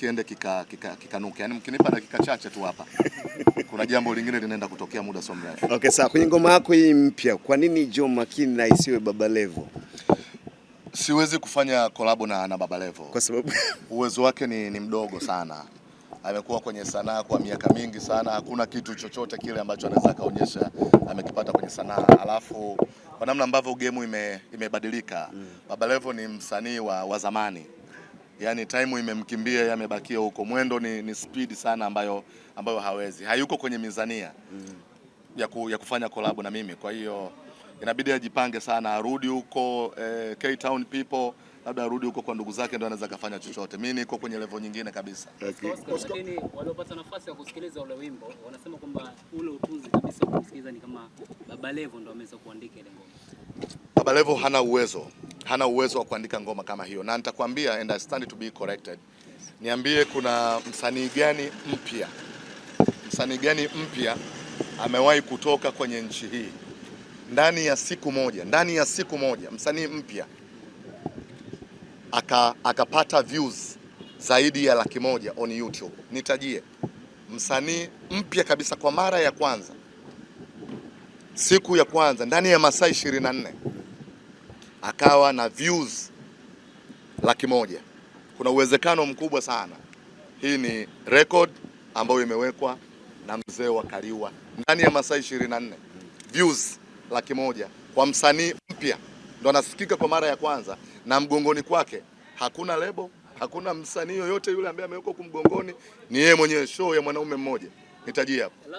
kiende kikanuka kika, kika yani, mkinipa dakika chache tu hapa kuna jambo lingine linaenda kutokea muda so mrefu. Okay, sawa. Kwenye ngoma yako hii mpya, kwa nini Joh Makini na isiwe Baba Levo? Siwezi kufanya kolabo na, na Baba Levo kwa sababu uwezo wake ni, ni mdogo sana. Amekuwa kwenye sanaa kwa miaka mingi sana, hakuna kitu chochote kile ambacho anaweza akaonyesha amekipata kwenye sanaa. Alafu kwa namna ambavyo game ime, imebadilika mm. Baba Levo ni msanii wa, wa zamani yani time imemkimbia yamebakia huko, mwendo ni, ni speed sana ambayo, ambayo hawezi hayuko kwenye mizania mm ya, ku, ya kufanya collab na mimi, kwa hiyo inabidi ajipange sana, arudi huko eh, K Town people labda arudi huko kwa ndugu zake, ndio anaweza kufanya chochote. Mimi niko kwenye level nyingine kabisa. Lakini waliopata nafasi ya kusikiliza ule wimbo wanasema kwamba ule utunzi kabisa kusikiliza ni kama Baba Levo ndio ameweza kuandika ile ngoma. Baba Levo hana uwezo hana uwezo wa kuandika ngoma kama hiyo, na nitakwambia and I stand to be corrected. Niambie, kuna msanii gani mpya, msanii gani mpya amewahi kutoka kwenye nchi hii ndani ya siku moja, ndani ya siku moja msanii mpya aka akapata views zaidi ya laki moja on YouTube? Nitajie msanii mpya kabisa kwa mara ya kwanza, siku ya kwanza ndani ya masaa 24 akawa na views laki moja, kuna uwezekano mkubwa sana hii ni record ambayo imewekwa na mzee wa Kaliwa ndani ya masaa 24. Views laki moja kwa msanii mpya, ndo anasikika kwa mara ya kwanza, na mgongoni kwake hakuna lebo, hakuna msanii yoyote yule ambaye amewekwa kumgongoni, ni yeye mwenyewe. Show ya mwanaume mmoja nitajia hapo.